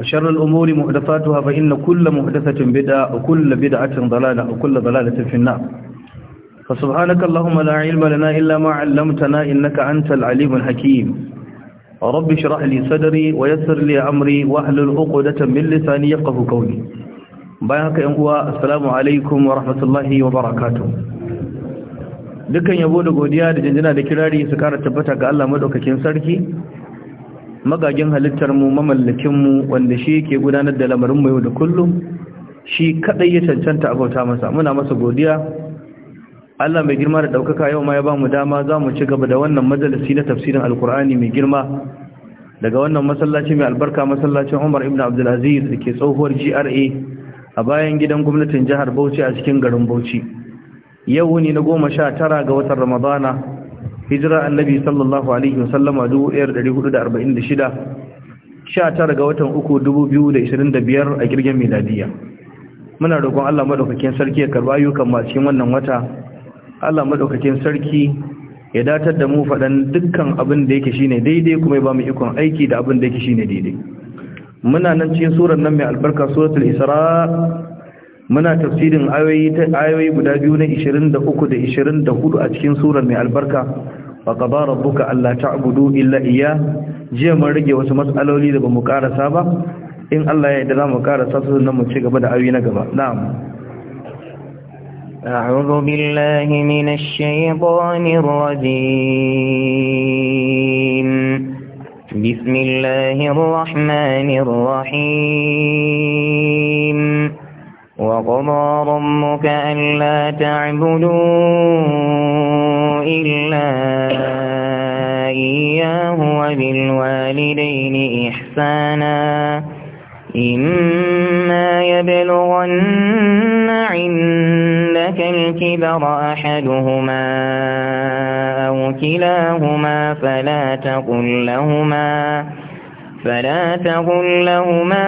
وشر الأمور محدثاتها فإن كل محدثة بدعة وكل بدعة ضلالة وكل ضلالة في النار فسبحانك اللهم لا علم لنا إلا ما علمتنا إنك أنت العليم الحكيم رب اشرح لي صدري ويسر لي أمري واحلل عقدة من لساني يفقه قولي بايعك إن هو السلام عليكم ورحمة الله وبركاته dukan yabo da godiya da jinjina da kirari su kara tabbata ga Allah madaukakin sarki magagin halittar mu mamallakin mu wanda shi yake gudanar da lamarin mu yau da kullum shi kadai ya cancanta a bauta masa muna masa godiya Allah mai girma da daukaka yau ma ya bamu dama zamu ci gaba da wannan majalisi na tafsirin alkur'ani mai girma daga wannan masallaci mai albarka masallacin Umar ibn Abdul Aziz dake tsohuwar GRA a bayan gidan gwamnatin jihar Bauchi a cikin garin Bauchi yau ne na 19 ga watan Ramadana hijira annabi sallallahu alaihi wasallam a 1446 19 ga watan uku 2025 a girgin miladiya muna roƙon Allah madaukakin sarki ya karba ayyukan masu yin wannan wata Allah madaukakin sarki ya datar da mu faɗan dukkan abin da yake shine daidai kuma ya ba mu ikon aiki da abin da yake shine daidai muna nan cikin surar nan mai albarka suratul isra muna tafsirin ayoyi ayoyi guda biyu na 23 da 24 a cikin surar mai albarka faqaba rabbuka ta abudu illa iya jiya mun rage wasu matsaloli da ba mu karasa ba in Allah ya za mu karasa su mu ci gaba da ayoyi na gaba na'am أعوذ بالله من الشيطان الرجيم بسم الله الرحمن الرحيم وقضى ربك ألا تعبدوا إلا إياه وبالوالدين إحسانا إما يبلغن عندك الكبر أحدهما أو كلاهما فلا تقل لهما فلا تقل لهما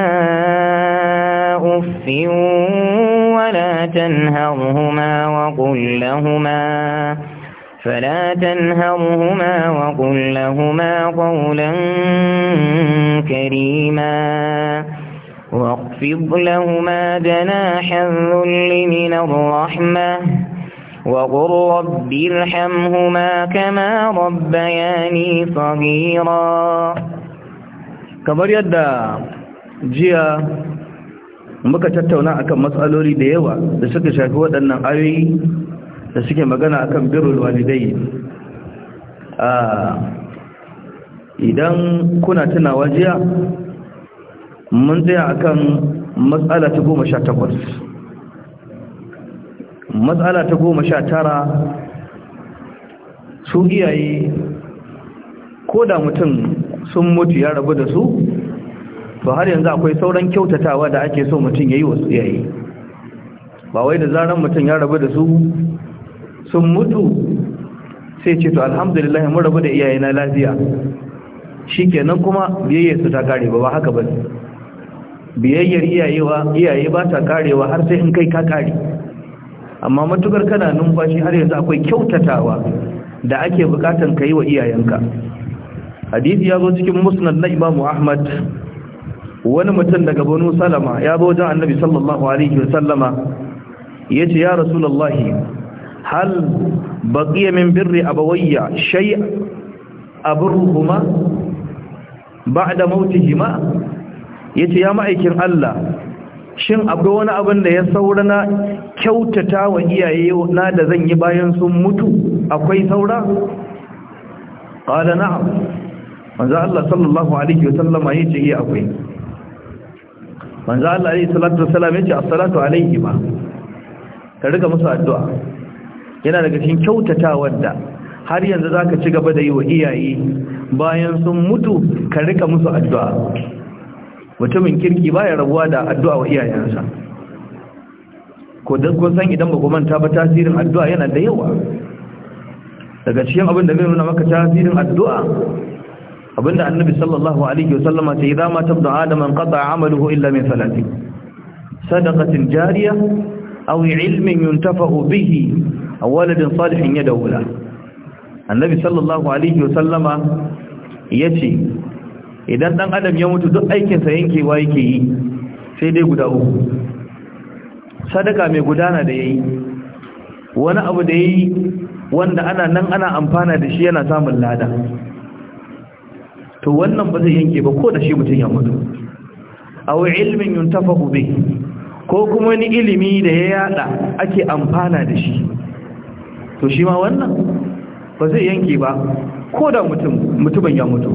أف ولا تنهرهما وقل لهما فلا تنهرهما وقل لهما قولا كريما واخفض لهما جناح الذل من الرحمة وقل رب ارحمهما كما ربياني صغيرا kamar yadda jiya muka tattauna akan matsaloli da yawa da suka shafi waɗannan ayoyi da suke magana akan birrul walidai idan kuna tunawa jiya mun tsaya akan matsala ta goma sha takwas matsala ta goma sha tara su iyaye ko da mutum sun mutu ya rabu da su to har yanzu akwai sauran kyautatawa da ake so mutum ya yi wasu yayi ba wai da zaran mutum ya rabu da su sun mutu sai ce to alhamdulillah mun rabu da iyayena lafiya kenan kuma biyayyar su ta kare ba haka ba biyayyar iyayewa iyaye ba ta karewa har sai in kai ka kare amma matukar kana numfashi har yanzu akwai kyautatawa da ake bukatan ka yi wa iyayenka hadisi ya zo cikin musnad na imamu ahmad wani mutum daga banu salama ya zo wajen annabi sallallahu alaihi ya ce ya rasulallahi hal baqiya min birri abawayya shay abruhuma ba'da mautihima yace ya ma'aikin Allah shin akwai wani abin da ya saura na kyautata wa iyaye na da zan yi bayan sun mutu akwai saura qala na'am manzo Allah sallallahu alaihi wa sallama yace iya eh, akwai manzo Allah alaihi salatu wasallam yace as-salatu alaihi ma ka riga musu addu'a yana daga cikin kyautatawar da har yanzu zaka ci gaba da yi wa iyaye bayan sun mutu ka rika musu addu'a mutumin kirki baya rabuwa da addu'a wa iyayensa ko dan kun san idan ba ku manta ba tasirin addu'a yana da yawa daga cikin abin da zai nuna maka tasirin addu'a abinda annabi sallallahu alaihi wasallam ce idan tabda adaman qata amaluhu illa min salati sadaqatin jariya aw ilmin yuntafa'u bihi aw waladin salihin yad'u annabi sallallahu alaihi wasallama yace idan dan adam ya mutu duk aikin sa yankewa yake yi sai dai guda uku sadaka mai gudana da yayi wani abu da yayi wanda ana nan ana amfana da shi yana samun lada to wannan ba zai yanke ba ko da shi mutum ya mutu aw ilmin yuntafaqu bi ko kuma wani ilimi da ya yada ake amfana da shi to shi ma wannan ba zai yanke ba ko da mutum mutumin ya mutu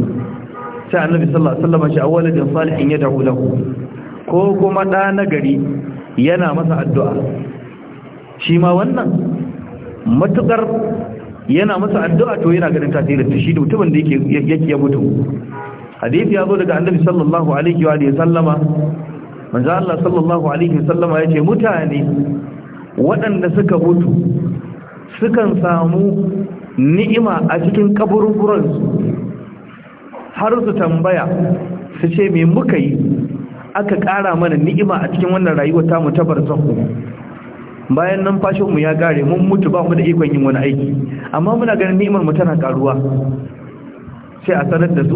sai annabi sallallahu alaihi wasallam shi awwalin salihin ya da'u lahu ko kuma da nagari yana masa addu'a shi ma wannan matukar yana masa addu'a to yana ganin tasirin shi da mutumin da yake yake mutu hadisi ya zo daga annabi sallallahu alaihi wa alihi sallama manzo Allah sallallahu alaihi wa sallama yace mutane waɗanda suka mutu sukan samu ni'ima a cikin kaburburan har su tambaya su ce me muka yi aka ƙara mana ni'ima a cikin wannan rayuwar mu ta barzakhu bayan nan fashinmu ya kare mun mutu ba mu da ikon yin wani aiki amma muna ganin ni'imar mu tana karuwa sai a sanar da su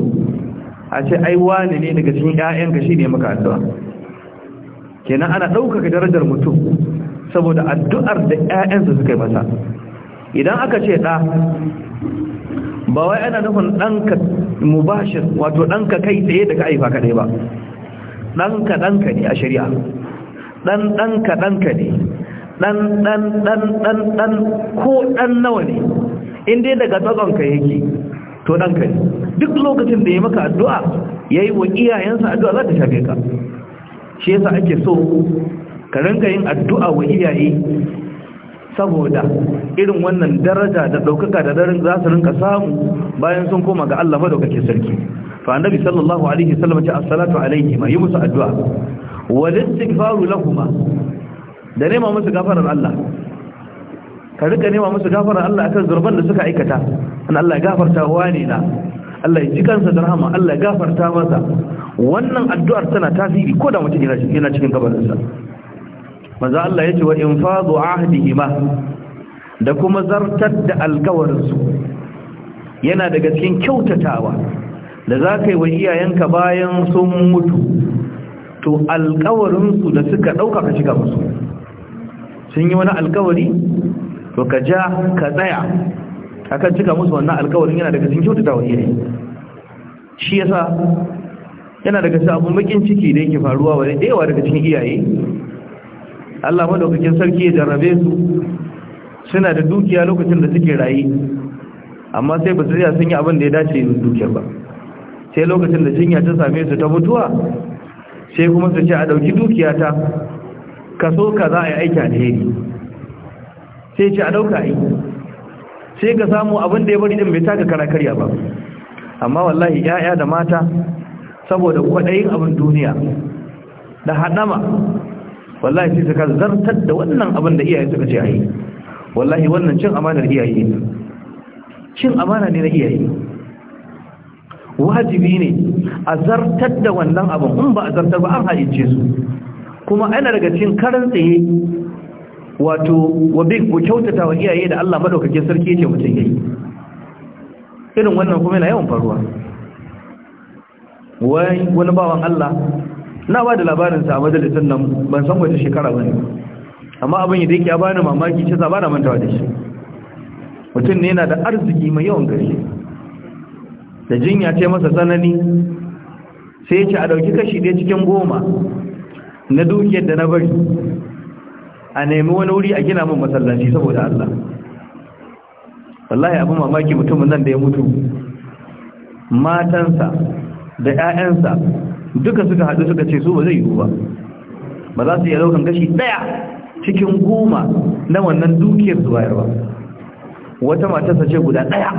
a ce ai wani ne daga cikin shi shine maka addu'a kenan ana ɗaukaka darajar mutum saboda addu'ar da su suka yi masa idan aka ce ɗa ba wai ana nufin ɗanka mubashir wato ɗanka kai tsaye daga aifa kadai ba ɗanka ɗanka ne a shari'a Dan ɗanka ɗanka ne dan dan dan dan dan ko dan nawa ne in dai daga tsagonka yake to dan kai duk lokacin da ya maka addu'a yayi wa iyayensa addu'a za ta shafe ka shi yasa ake so ka ranka yin addu'a wa iyaye saboda irin wannan daraja da ɗaukaka da darin za su rinka samu bayan sun koma ga Allah madaukake sarki fa annabi sallallahu alaihi wasallam ce as-salatu alaihi ma yi musu addu'a wal istighfaru lahum da nema musu gafarar Allah ka rika nema musu gafarar Allah akan zurban da suka aikata an Allah ya gafarta wani na Allah ya ji kansa da rahama Allah ya gafarta masa wannan addu'ar tana tasiri ko da mutum yana cikin gabarinsa. manzo Allah ya ce wa infadu ahdihima da kuma zartar da alkawarinsu yana daga cikin kyautatawa da za ka yi wa iyayenka bayan sun mutu to alkawarinsu da suka ɗauka ka shiga musu sun yi wani alkawari to ka ja ka tsaya akan cika musu wannan alkawarin yana daga cikin kyautata wa iyaye shi yasa yana daga cikin abun bakin ciki da yake faruwa wa da daga cikin iyaye Allah madaukakin sarki ya jarrabe su suna da dukiya lokacin da suke rayi amma sai ba su iya sun yi abin da ya dace da dukiyar ba sai lokacin da jinya ta same su ta mutuwa sai kuma su ce a dauki dukiyata Ka so ka za a yi aiki alheri sai ce a ɗauka yi. sai ka samu abin da ya bari ɗin bai taka kara karya ba amma wallahi ya'ya da mata saboda kwaɗayin abin duniya da haɗama wallahi sai suka zartar da wannan abin da iyaye suka ce a yi wallahi wannan cin amanar iyaye ne cin amana ne na iyaye wajibi ne a zartar da wannan abin in ba a zartar ba an haɗince su kuma ana daga cikin karan tsaye wato wa bi ku kyautata wa iyaye da Allah madaukakin sarki yake mutum yayi irin wannan kuma yana yawan faruwa wai wani bawan Allah na ba da labarin sa a majalisar nan ban san wace shekara bane amma abin da yake ya bani mamaki ce zaba na mantawa da shi mutum ne yana da arziki mai yawan gari. da jinya ce masa tsanani sai ya ce a dauki kashi ɗaya cikin goma na dukiyar da na bari a nemi wani wuri a gina min masallaci saboda Allah wallahi abin mamaki mutumin nan da ya mutu matansa da 'ya'yansa duka suka haɗu suka ce su ba zai yiwu ba ba za su iya daukan gashi ɗaya cikin goma na wannan dukiyar zuwa ba wata matarsa ce guda ɗaya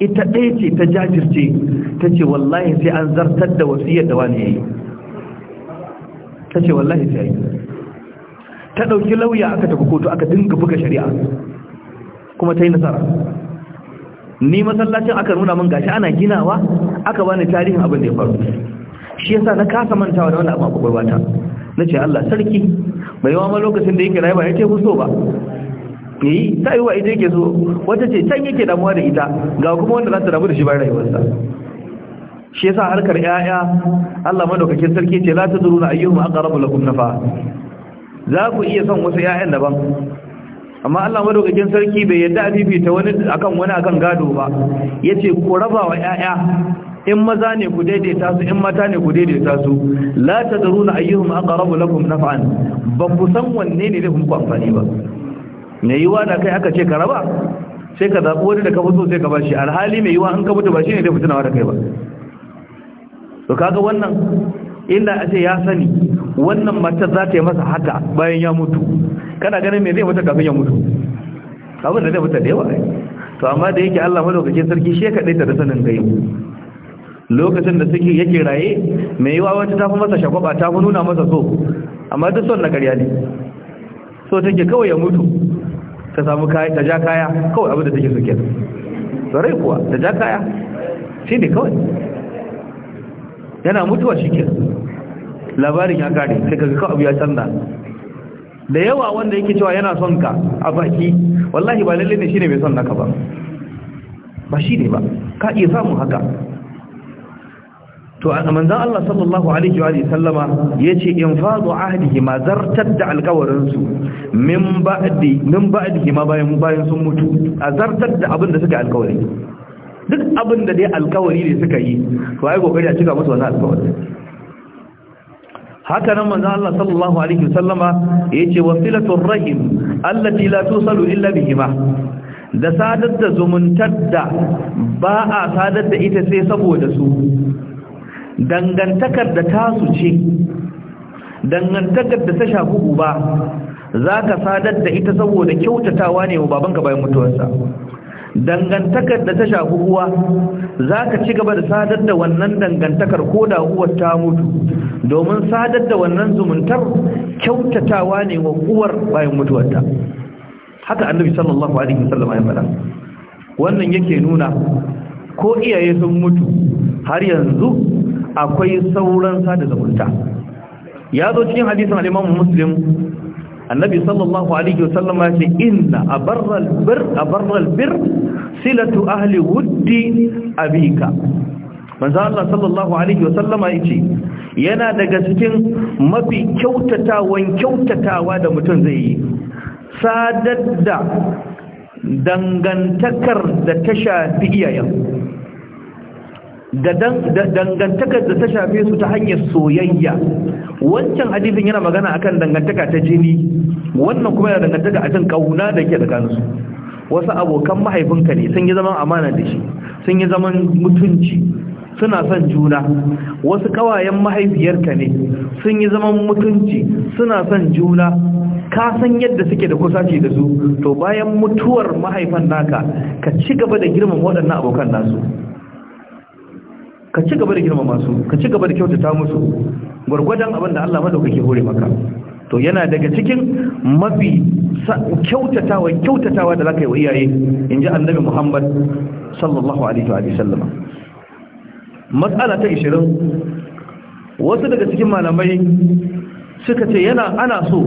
ita ɗaya ce ta jajirce ta ce wallahi sai an zartar da wasu da wani ya yi ta ce wallahi sai yi ta ɗauki lauya aka tafi kotu aka dinga buga shari'a kuma ta yi nasara ni masallacin aka nuna min gashi ana ginawa aka bani tarihin abin da ya faru shi yasa na kasa mantawa da wani abu a kwakwalwata na ce Allah sarki mai yawa ma lokacin da yake rayuwa ya ce so ba yi ta yi wa ita yake so wata ce can yake damuwa da ita ga kuma wanda za ta damu da shi bayan rayuwarsa shi yasa harkar ƴaƴa Allah madaukakin sarki ce la tadruna ayyuhum aqrabu lakum nafa za ku iya son wasu ƴaƴan daban amma Allah madaukakin sarki bai yadda a fifita wani akan wani akan gado ba yace ku raba wa ƴaƴa in maza ne ku daidaita su in mata ne ku daidaita su la tadruna ayyuhum aqrabu lakum nafa'an ba ku san wanne ne zai muku amfani ba me yiwa da kai aka ce ka raba sai ka zabi wani da ka fi so sai ka bashi alhali me yiwa an ka mutu ba shine zai wa da kai ba to kaga wannan inda a ce ya sani wannan matar za ta yi masa haka bayan ya mutu kana ganin me zai mutu kafin ya mutu abin da zai mutu da yawa to amma da yake Allah madaukakin sarki shi kadai ta da sanin gaibu lokacin da suke yake raye mai yiwa wata ta fi masa shakwaba ta fi nuna masa so amma duk son na karya ne so take kawai ya mutu ta samu kaya ta ja kaya kawai abin da take kenan sarai kuwa ta ja kaya shi ne kawai yana mutuwa shi labarin ya kare sai kaga abu ya canza da yawa wanda yake cewa yana son ka a baki wallahi ba lalle ne shine mai son naka ba ba shine ba ka iya samun haka to a manzan Allah sallallahu alaihi wa sallama yace in fadu ahdihi ma zartar da alƙawarin su min ba'di min ba'dihi ma bayan bayan sun mutu a zartar da abin da suka alƙawari duk abin da dai alkawari ne suka yi to ai kokari a cika musu wannan alkawari haka nan manzo Allah sallallahu alaihi wasallama yace wasilatul rahim allati la tusalu illa bihima da sadar da zumuntar da ba a sadar da ita sai saboda su dangantakar da tasu ce dangantakar da ta shafi uba za ka sadar da ita saboda kyautatawa ne wa babanka bayan mutuwarsa dangantakar da ta shafi uwa za ka ci gaba da sadar da wannan dangantakar ko da uwar ta mutu domin sadar da wannan zumuntar kyautatawa ne wa uwar bayan mutuwarta haka annabi sallallahu alaihi wasallam ya faɗa wannan yake nuna ko iyaye sun mutu har yanzu akwai sauran sada zumunta ya zo cikin hadisin al-Imam Muslim annabi sallallahu alaihi ya ce inna abarral bir abarral bir silatu ahli wuddi abika manzo Allah sallallahu alaihi ya ce yana daga cikin mafi kyautatawan kyautatawa da mutum zai yi sadar da dangantakar da ta shafi iyayen dangantakar da ta shafe su ta hanyar soyayya wancan hadisin yana magana akan dangantaka ta jini wannan kuma yana dangantaka a jin kauna da ke tsakaninsu wasu abokan mahaifinka ne sun yi zaman amana da shi sun yi zaman mutunci suna son juna wasu kawayen mahaifiyarka ne sun yi zaman mutunci suna son juna ka san yadda suke da kusaci da su to bayan mutuwar mahaifan naka ka ci gaba da girman waɗannan abokan nasu ka ci gaba da girmama su ka ci gaba da kyautata musu gwargwadon abin da Allah madaukake hore maka to yana daga cikin mafi kyautatawa kyautatawa da zaka yi wa iyaye ji annabi Muhammad sallallahu alaihi wa sallama matsala ta 20 wasu daga cikin malamai suka ce yana ana so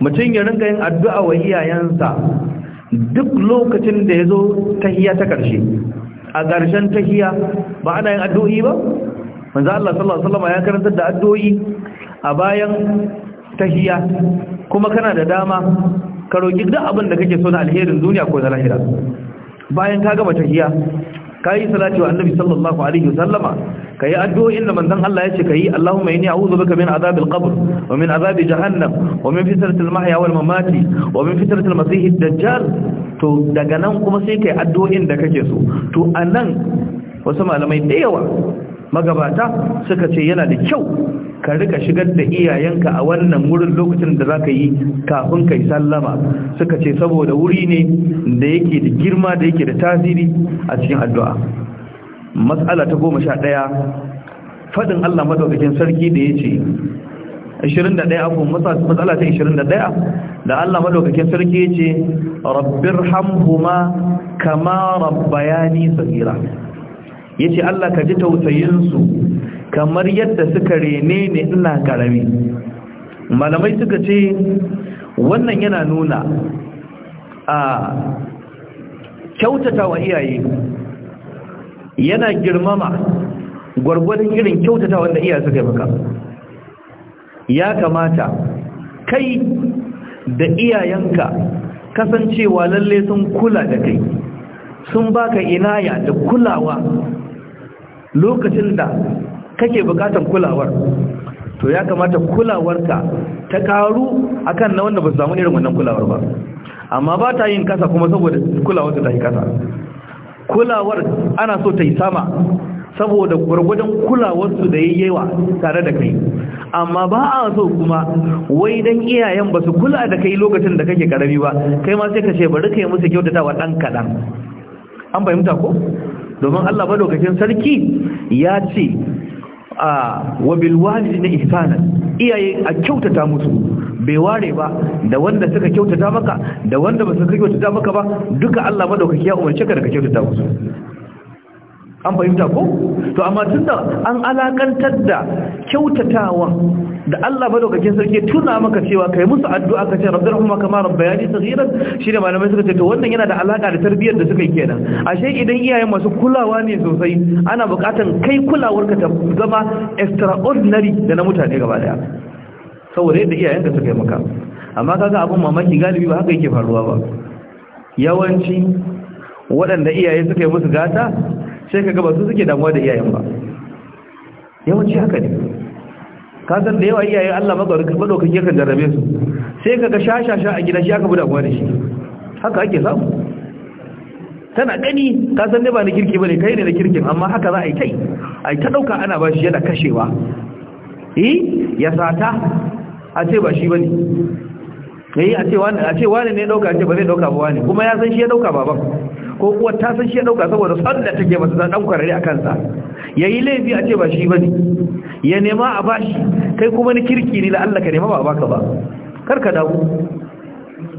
mutum ya rinka yin addu'a wa iyayensa duk lokacin da ya zo ta hiya ta ƙarshe a ƙarshen tahiya ba ana yin addu'o'i ba manzo Allah sallallahu alaihi wasallam ya karantar da addu'o'i a bayan tahiya kuma kana da dama ka roki duk abin da kake so na alherin duniya ko na lahira bayan ka gama tahiya yi salati wa annabi sallallahu alaihi wasallama kai addu'o'in da manzon Allah ya yace kai Allahumma inni a'udhu bika min azabil qabr wa min azabi jahannam wa min fitnatil mahya wal mamati wa min fitnatil masih ad-dajjal to daga nan kuma sai yi addu'o'in da kake so to anan wasu malamai da yawa magabata suka ce yana da kyau ka rika shigar da iyayenka a wannan wurin lokacin da za ka yi kafin kai sallama suka ce saboda wuri ne da yake da girma da yake da tasiri a cikin addu'a matsala ta goma sha ɗaya faɗin Allah madaukakin sarki da ya ce 21 abu matsala ta 21 da Allah madaukakin sarki ya ce rabbirhamhuma kama rabbayani sagira yace Allah ka ji tausayinsu kamar yadda suka rene ne ina karami malamai suka ce wannan yana nuna a kyautata wa iyaye yana girmama gwargwadon irin kyautata wanda iyaye suka maka ya kamata kai da iyayenka kasancewa lalle sun kula da kai sun baka inaya da kulawa lokacin da kake bukatan kulawar to ya kamata kulawarka ta karu akan na wanda ba su samu irin wannan kulawar ba amma ba ta yin kasa kuma saboda kulawar ta yi kasa kulawar ana so ta yi sama saboda gwargwadon su da yi yawa tare da kai amma ba a so kuma wai dan iyayen ba su kula da kai lokacin da kake karami ba kai ma sai ka ce bari kai musu kyautatawa dan kadan an fahimta ko domin Allah lokacin sarki ya ce a wabil walidi na ihsanan iyaye a kyautata musu bai ware ba da wanda suka kyautata maka da wanda ba su kyautata maka ba duka Allah madaukaki ya umarce ka da kyautata musu an fahimta ko to amma tunda an alakantar da kyautatawa da Allah ba madaukakin sarki tuna maka cewa kai musu addu'a ka ce rabbirhuma kama rabbayani shi shine malamai suka ce to wannan yana da alaka da tarbiyyar da suka yi kenan ashe idan iyaye masu kulawa ne sosai ana bukatan kai kulawar ka ta zama extraordinary da na mutane gaba daya saboda yadda iyayenka suka yi maka amma kaga abun mamaki galibi ba haka yake faruwa ba yawanci waɗanda iyaye suka yi musu gata sai ka gaba su suke damuwa da iyayen ba yawanci haka ne ka san da yawa iyayen Allah madaukakin yakan jarrabe su sai ka ga sha a gida shi aka buɗa damuwa da shi haka ake samu tana gani ka san ne ba na kirki ne kai ne na kirkin amma haka za a yi kai a ta dauka ana ba shi yana kashewa yi eh, ya sata a ce ba shi ba ne. Eh, a ce wani a ce wani ne dauka ce ba zai dauka ba wani kuma ya san shi ya dauka baban ko kuwa ta san shi ya dauka saboda sanda take masa ta dan kwarare a kansa yayi laifi a ce ba shi bane ya nema a bashi kai kuma ni kirki ne la Allah ka nema ba baka ba kar ka dawo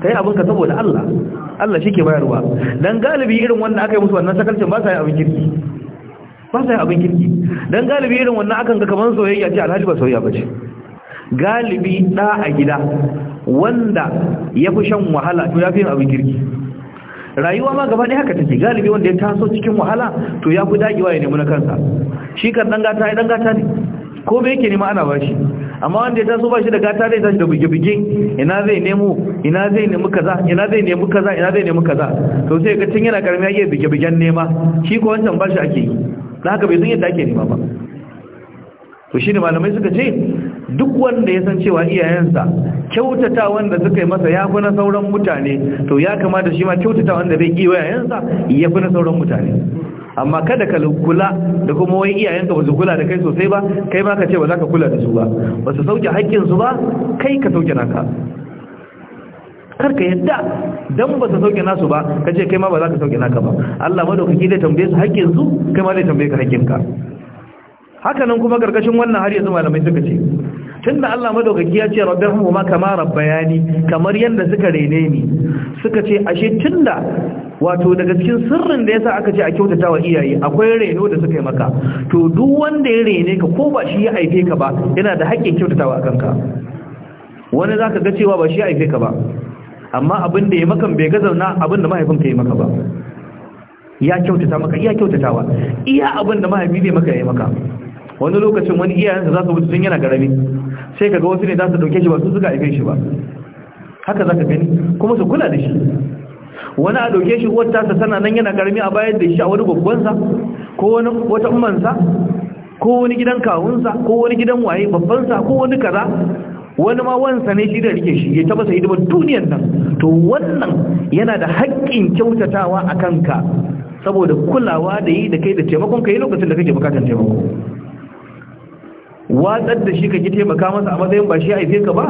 kai abin ka saboda Allah Allah shi ke bayarwa dan galibi irin wanda aka yi musu wannan sakalcin ba sa yi abin kirki ba sa yi abin kirki dan galibi irin wannan akan ga kaman soyayya ce alhaji ba soyayya ba ce galibi da a gida wanda ya fi shan wahala to ya fi yin abin kirki rayuwa ma gaba ne haka take galibi wanda ya taso cikin wahala to ya fi dagewa ya nemi na kansa shi kan dan gata ya dan gata ne ko me yake nema ana bashi amma wanda ya taso bashi da gata zai tashi da bugi-bugi ina zai nemo ina zai nemi kaza ina zai nemi kaza ina zai nemi kaza to sai ga tun yana karmi yake bugi bugen nema shi ko wancan bashi ake yi da haka bai san yadda ake nema ba to shi ne malamai suka ce duk wanda ya san cewa iyayensa kyautata wanda suka yi masa ya fi na sauran mutane to ya kamata shi ma kyautata wanda bai yi iyayensa ya fi na sauran mutane amma kada ka kula da kuma wai iyayenka ba su kula da kai sosai ba kai ma ka ce ba za ka kula da su ba ba su sauke su ba kai ka sauke naka Kar ka yadda dan ba su sauke nasu ba ka ce kai ma ba za ka sauke naka ba Allah madaukaki zai tambaye su su kai ma zai tambaye ka haƙƙinka haka nan kuma karkashin wannan har yanzu malamai suka ce tunda Allah madaukaki ya ce rabbihum kama rabbayani kamar yanda suka rene ni suka ce ashe tunda wato daga cikin sirrin da yasa aka ce a kyautata wa iyaye akwai reno da suka yi maka to duk wanda ya rene ka ko ba shi ya haife ka ba yana da haƙƙin kyautatawa akan ka wani zaka ga cewa ba shi ya haife ka ba amma abin da ya maka bai ga zauna abin da mahaifinka ya maka ba ya kyautata maka iya kyautatawa iya abin da mahaifi bai maka ya maka wani lokacin wani iyayensa za su mutu sun yana garami sai kaga wasu ne za su dauke shi ba su suka haife shi ba haka za ka gani kuma su kula da shi wani a dauke shi wata tasa tana nan yana karami a bayar da shi a wani gwaggwansa ko wani wata umarsa ko wani gidan kawunsa ko wani gidan waye babbansa ko wani kaza wani ma wansa ne shi da rike shi ya taba sai duban duniyar nan to wannan yana da haƙƙin kyautatawa a kanka saboda kulawa da yi da kai da taimakon ka yi lokacin da kake bukatar taimako watsar da shi ka ki taimaka masa a matsayin ba shi haife ka ba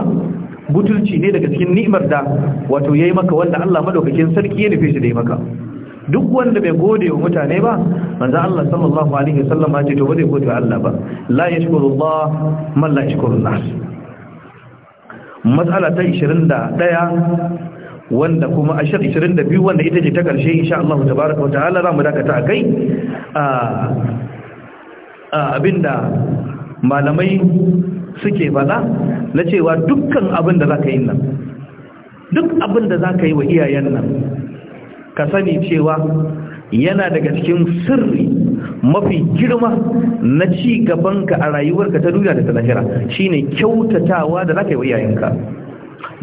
butulci ne daga cikin ni'imar da wato yayi maka wanda Allah madaukakin sarki ya nufe shi da yi maka duk wanda bai gode wa mutane ba manzo Allah sallallahu alaihi wasallam ya ce to bai gode wa Allah ba la yashkurullah man la yashkurun nas mas'ala ta 21 wanda kuma ashar 22 wanda ita ce ta ƙarshe insha Allah tabaaraka wa ta'ala za mu dakata a kai ah, ah, abinda malamai suke faɗa na cewa dukkan abin da za ka yi nan duk abin da za ka yi wa iyayen nan ka sani cewa yana daga cikin sirri mafi girma na ci gabanka a rayuwarka ta duniya da ta lahira shine kyautatawa da za ka yi wa iyayenka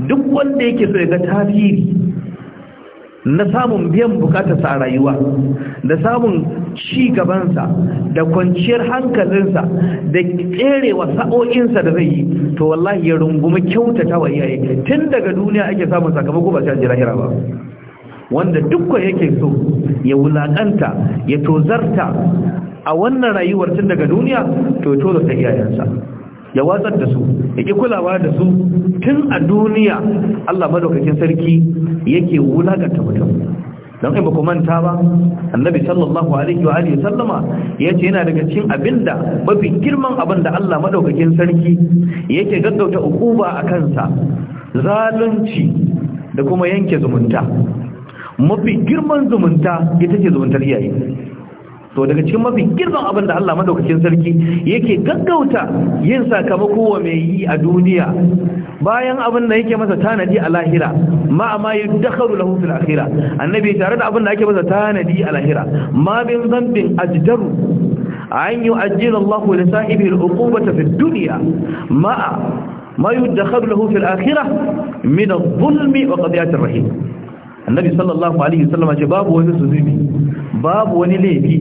duk wanda yake so ya ga tasiri na samun biyan bukatarsa a rayuwa da samun ci gabansa da kwanciyar hankalinsa da ƙerewa sa'o'insa da zai yi to wallahi ya rungumi kyautata wa iyaye tun daga duniya ake samun sakamako ba shi jira ba wanda dukkan yake so ya wulaƙanta, ya tozarta a wannan rayuwar tun daga duniya to ya tozarta iyayensa ya watsar da su ya ki kulawa da su tun a duniya Allah madaukakin sarki yake wulakanta mutum don ba ku manta ba annabi sallallahu alaihi wa alihi sallama yace yana daga cikin abinda mafi girman da Allah madaukakin sarki yake gaggauta ukuba a kansa zalunci da kuma yanke zumunta mafi girman zumunta ita ce zumuntar iyaye to daga cikin mafi girman abin da Allah madaukakin sarki yake gaggauta yin sakamako wa mai yi a duniya bayan abin da yake masa tanadi a lahira ma amma yudakharu lahu fil akhirah annabi tare da abin da yake masa tanadi a lahira ma bin zambin ajdaru an yu'ajjilu Allahu li sahibi al-uqubata fid dunya ma ما min له في الآخرة من الظلم وقضيات الرحيم النبي صلى الله عليه وسلم جباب وذسذيبي babu wani laifi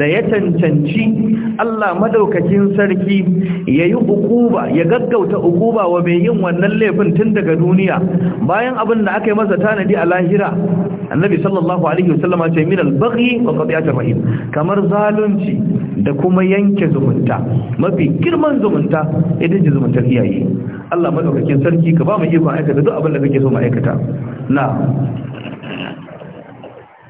da ya cancanci Allah madaukakin sarki ya yi ukuba ya gaggauta ukuba wa mai yin wannan laifin tun daga duniya bayan abin da aka yi masa tanadi a lahira annabi sallallahu alaihi wasallama ce min al-baghi wa qati'at rahim kamar zalunci da kuma yanke zumunta mafi girman zumunta idan ji zumuntar iyaye Allah madaukakin sarki ka ba mu iko aikata duk abin da kake so mu aikata na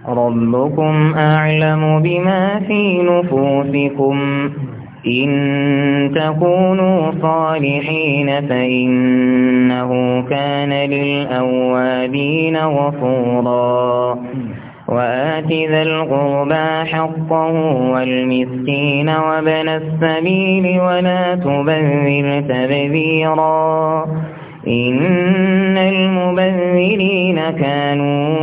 ربكم أعلم بما في نفوسكم إن تكونوا صالحين فإنه كان للأوابين غفورا وآت ذا القربى حقه والمسكين وابن السبيل ولا تبذر تبذيرا إن المبذرين كانوا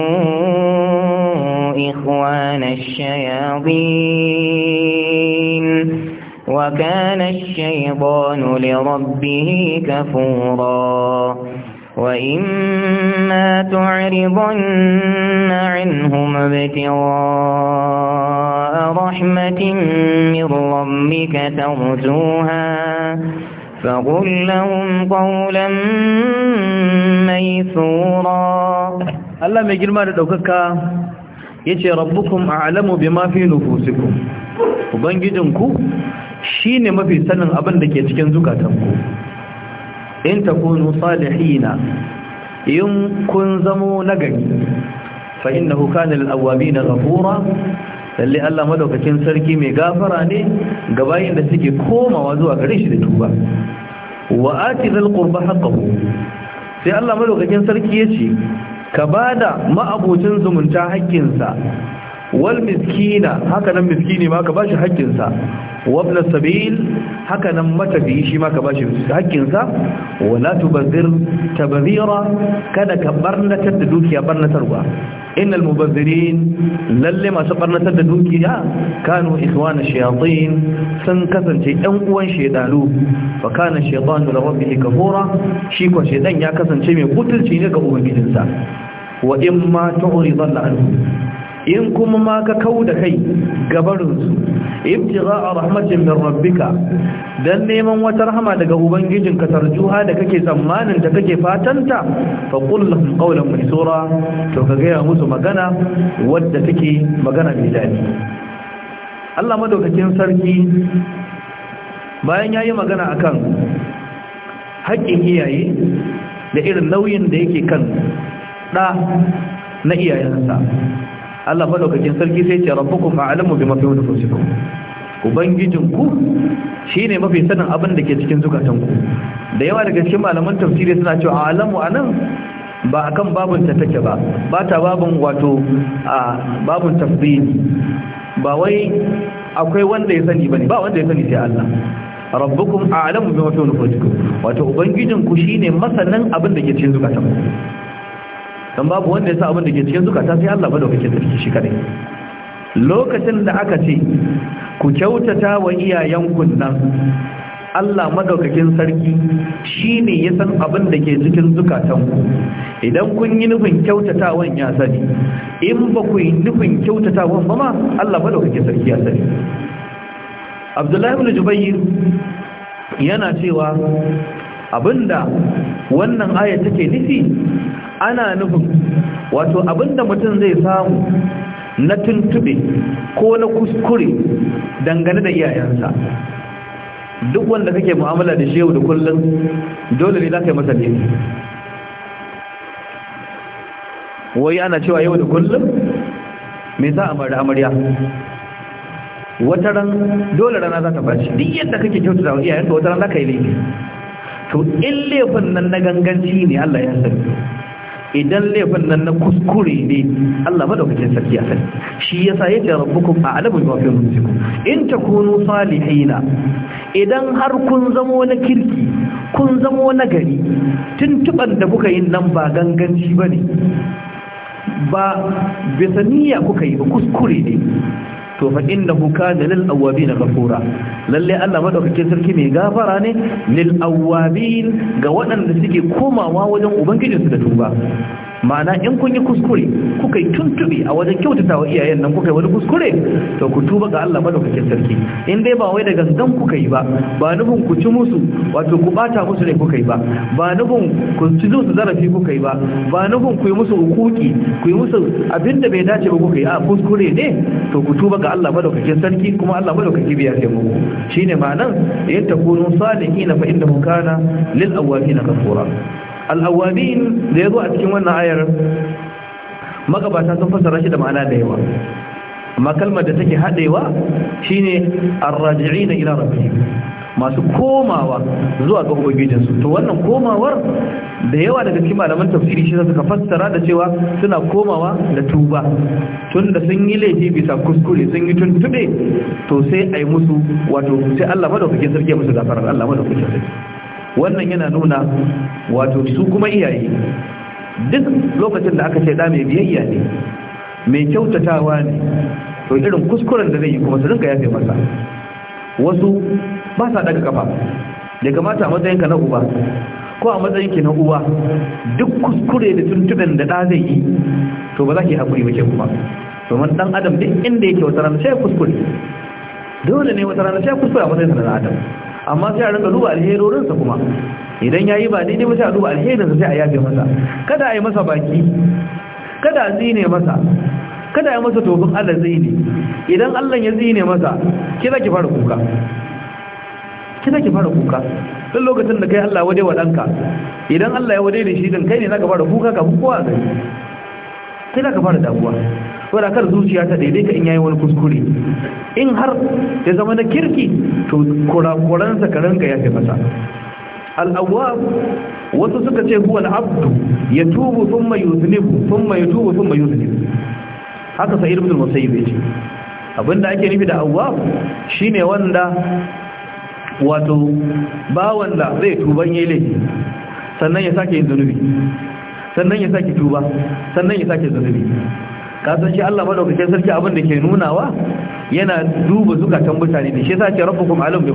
إخوان الشياطين وكان الشيطان لربه كفورا وإما تعرضن عنهم ابتغاء رحمة من ربك ترجوها فقل لهم قولا ميسورا الله ما يجرم هذا yace rabbukun a'lamu bima fi ku. ubangijinku shine mafi sanin abin da ke cikin zukatanku in takunu salihina in kun zamo nagari fa innahu kana lil na ghafura lalle Allah madaukakin sarki mai gafara ne ga bayin da suke komawa zuwa gare shi da tuba wa ati dhal haƙa sai Allah madaukakin sarki yace ka ba da ma'abucin zumunta haƙƙinsa wal miskina haka nan miskini ma ka bashi haƙƙinsa wabna sabil haka nan matafiyi shi ma ka bashi haƙƙinsa wala tubazir tabazira kada ka barnatar da dukiya barnatarwa innal mubazzirin lalle masu barnatar da dukiya kanu ikhwana shayatin sun kasance ɗan uwan shedanu fa kana shaytanu li rabbih kafura shi ko shedan ya kasance mai butulci ne ga ubangijinsa wa imma tu'ridan anhu in kuma ma ka kau da kai gabarinsu ibtiza a rahmatin min rabbika dan neman wata rahama daga ubangijin ka tarjuha da kake tsammanin da kake fatanta fa kullum lahum mai tsora, to ka gaya musu magana wadda take magana mai daɗi. Allah madaukakin sarki bayan ya yi magana a kan haƙƙin iyaye da irin nauyin da yake kan ɗa na iyayensa Allah madaukakin sarki sai ce rabbukum a'lamu bima fi nufusikum ubangijinku shine mafi sanin abin da ke cikin ku. da yawa daga cikin malaman tafsiri suna cewa a'lamu anan ba akan babun ta take ba ba ta babun wato a babun tafsiri ba wai akwai wanda ya sani bane ba wanda ya sani sai Allah rabbukum a'lamu bima fi nufusikum wato ubangijinku shine masanin abin da ke cikin ku. don babu wanda ya sa abin da ke cikin zukata sai Allah madaukakin sarki shi kadai lokacin da aka ce ku kyautata wa iyayenku nan Allah madaukakin sarki shi ne ya san abin da ke cikin zukatanku idan kun yi nufin kyautatawan ya sani in ba ku yi nufin kyautatawan ba ma Allah madaukakin sarki ya sani Abdullahi ibn Jubayr yana cewa abinda wannan aya take nufi ana nufin wato abinda mutum zai samu na tuntube ko na kuskure dangane da iyayensa duk wanda kake mu'amala da shi yau da kullum dole ne za ka yi masa ne wai ana cewa yau da kullum me za a mara amarya wata ran dole rana za ta bashi duk yadda kake kyautata wa iyayenka wata ran za ka yi laifi to in laifin nan na ganganci ne Allah ya san idan laifin nan na kuskure ne Allah madaukakin sarki ya sani shi yasa yace rabbukum a'lamu bima fi in takunu salihina idan har kun zamo na kirki kun zamo na gari tuntuban da kuka yi nan ba ganganci bane ba bisaniya kuka yi ba kuskure ne to fa innahu kana lil awabin ghafura lalle Allah madaukakin sarki mai gafara ne lil awabin ga waɗanda suke komawa wajen ubangijinsu da tuba ma'ana in kun yi kuskure kuka yi tuntubi a wajen kyautata wa iyayen nan kuka yi wani kuskure to ku tuba ga Allah madaukakin sarki in dai ba wai da gangan kuka yi ba ba nufin ku ci musu wato ku bata musu ne kuka yi ba ba nufin ku ci musu zarafi kuka yi ba ba nufin ku yi musu hukuki ku yi musu abin bai dace ba kuka yi a kuskure ne to ku tuba ga Allah madaukakin sarki kuma Allah madaukaki biya ce muku shine ma'anan yanta kunu salihina fa innahu kana lil awwabina ghafura al'awabin da ya zo a cikin wannan ayar magabata sun fasara shi da ma'ana da yawa amma kalmar da take haɗewa shine arraji'ina ila rabbihim masu komawa zuwa ga ubangijinsu to wannan komawar da yawa daga cikin malaman tafsiri shi suka fassara da cewa suna komawa da tuba tun da sun yi laifi bisa kuskure sun yi tuntube to sai ai musu wato sai Allah madaukakin sarki musu gafarar Allah madaukakin sarki wannan yana nuna wato su kuma iyaye duk lokacin da aka ce da mai biyayya ne mai kyautatawa ne to irin kuskuren da zai yi kuma su rinka yafe masa wasu ba sa daga kafa da kamata a matsayinka na uba ko a matsayin ki na uwa duk kuskure da tuntuɓen da da zai yi to ba za ki haƙuri ba ke kuma domin ɗan adam duk inda yake wata rana sai kuskure dole ne wata rana sai kuskure a matsayin matsayinsa na adam amma sai a rinka duba alherorinsa kuma idan ya yi ba daidai ba sai a duba alherinsa sai a yafe masa kada a yi masa baki kada a zine masa kada a yi masa tofin allah zine idan allah ya zine masa kira ki fara kuka kina ki fara kuka duk lokacin da kai Allah waje wa danka idan Allah ya waje da shi din kai ne zaka fara kuka kafin a gani kai zaka fara damuwa saboda kar zuciya ta daidai ka in yayi wani kuskure in har ya zama na kirki to kurakuransa ka ranka ya fi masa al'awwab wasu suka ce huwa al'abdu ya tubu thumma yuznibu thumma yatubu thumma yuznibu haka sa'id ibn musayyib ce abinda ake nufi da awwab shine wanda wato ba wanda zai tuban yi laifi sannan ya sake yin zunubi sannan ya sake tuba sannan ya sake zunubi kasan shi Allah madaukakin sarki abin da ke nunawa yana duba zukatan mutane ne shi ke yasa ce rabbukum alim bi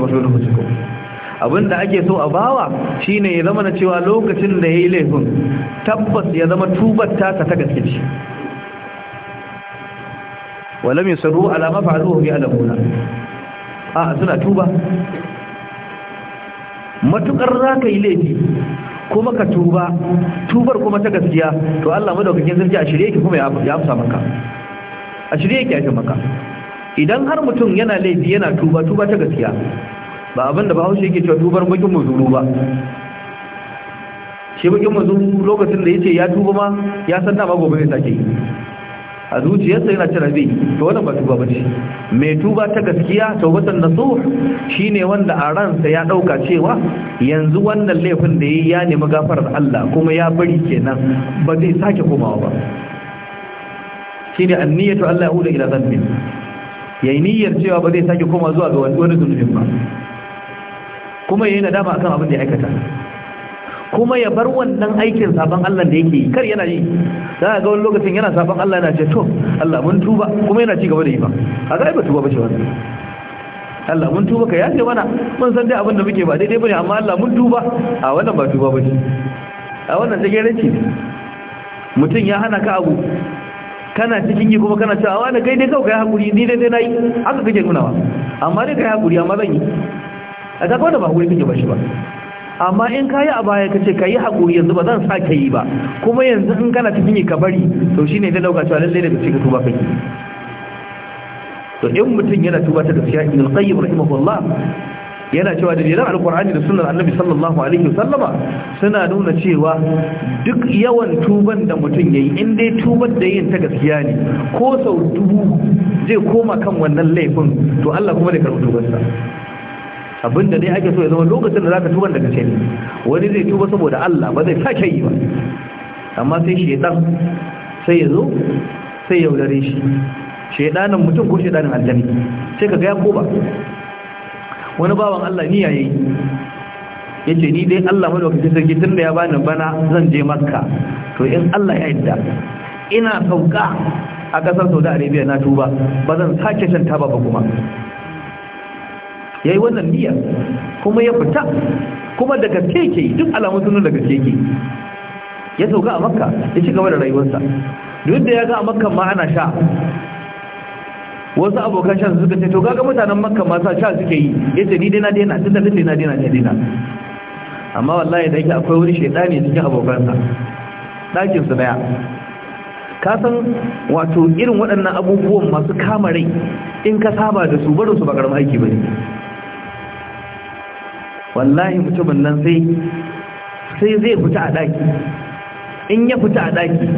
abin da ake so a bawa shi ne ya zama na cewa lokacin da ya yi laifin tabbas ya zama tubar ta ta gaske ce mai yusarru alama ma fa'aluhu bi alamuna a suna tuba matukar za ka yi laifi kuma ka tuba tubar kuma ta gaskiya to Allah madaukakin sarki a shirye yake kuma ya amsa maka a shirye yake ya maka idan har mutum yana laifi yana tuba tuba ta gaskiya ba abin da bahaushe yake cewa tubar bakin muzuru ba shi bakin muzuru lokacin da yace ya tuba ma ya san ba gobe zai sake yi a zuciyarsa yana cin rabi to wannan ba tuba bace mai tuba ta gaskiya tawbatan nasuh shine wanda a ransa ya dauka cewa yanzu wannan laifin da yayi ya nemi gafarar Allah kuma ya bari kenan ba zai sake komawa ba shine anniyatu Allah ya huda ila dhanbi yayi niyyar cewa ba zai sake komawa zuwa ga wani zunubin ba kuma yayi nadama akan abin da ya aikata kuma ya bar wannan aikin sabon Allah da yake yi kar yana yi za ga wani lokacin yana sabon Allah yana ce to Allah mun tuba kuma yana ci gaba da yi ba a ga ba tuba ba ce wannan Allah mun tuba ka yace mana mun san dai abin da muke ba daidai bane amma Allah mun tuba a wannan ba tuba ba ce a wannan tsagerenci mutum ya hana ka abu kana cikin yi kuma kana cewa wani kai dai kawai kai hakuri ni dai dai nayi haka kake nunawa amma dai kai hakuri amma zan yi a ga kawai da ba hakuri kake ba shi ba amma in ka yi a baya ka ce ka yi haƙuri yanzu ba zan sa ka yi ba kuma yanzu in kana cikin yi ka bari to shi ne zai ɗauka cewa lallai daga cikin tuba yi. to in mutum yana tuba ta gaskiya ibn al-qayyim rahimahullah yana cewa da dalilan alkur'ani da sunnar annabi sallallahu alaihi wasallama suna nuna cewa duk yawan tuban da mutum yayi in dai tubar da yin ta gaskiya ne ko sau dubu zai koma kan wannan laifin to Allah kuma zai karɓi tubarsa Abin da dai ake so ya zama lokacin da za ka tuba daga ce wani zai tuba saboda Allah ba zai sake yi ba amma sai shaitan sai ya zo sai ya yaudare shi shaidanin mutum ko shaidanin aljani sai ka gaya ko ba. wani bawan Allah ni yayi yace ni dai Allah lokacin sarki da ya bani bana zan je makka to in Allah ya yarda ina sauka a kasar Saudi Arabia na tuba ba zan sake shan taba ba kuma ya yi wannan niyyar kuma ya fita kuma da gaske ke duk alamun sunan da gaske ke ya sauka a makka ya ci gaba da rayuwarsa duk da ya ga a makka ma ana sha wasu abokan shan suka ce to ga mutanen makka ma sha suke yi ya ce ni dai na daina tun da dai na daina daina amma wallahi da yake akwai wani shaidani cikin abokansa ɗakin su daya ka san wato irin waɗannan abubuwan masu kama rai in ka saba da su barin su ba karamar aiki ba ne. wallahi mutumin nan sai sai zai fita a daki in ya fita a daki